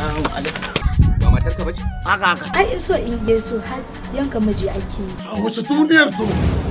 Assalamu alaikum. Ba matar ka bace? Haka haka. Ai so in so har yanka miji ake yi. A wace duniyar to?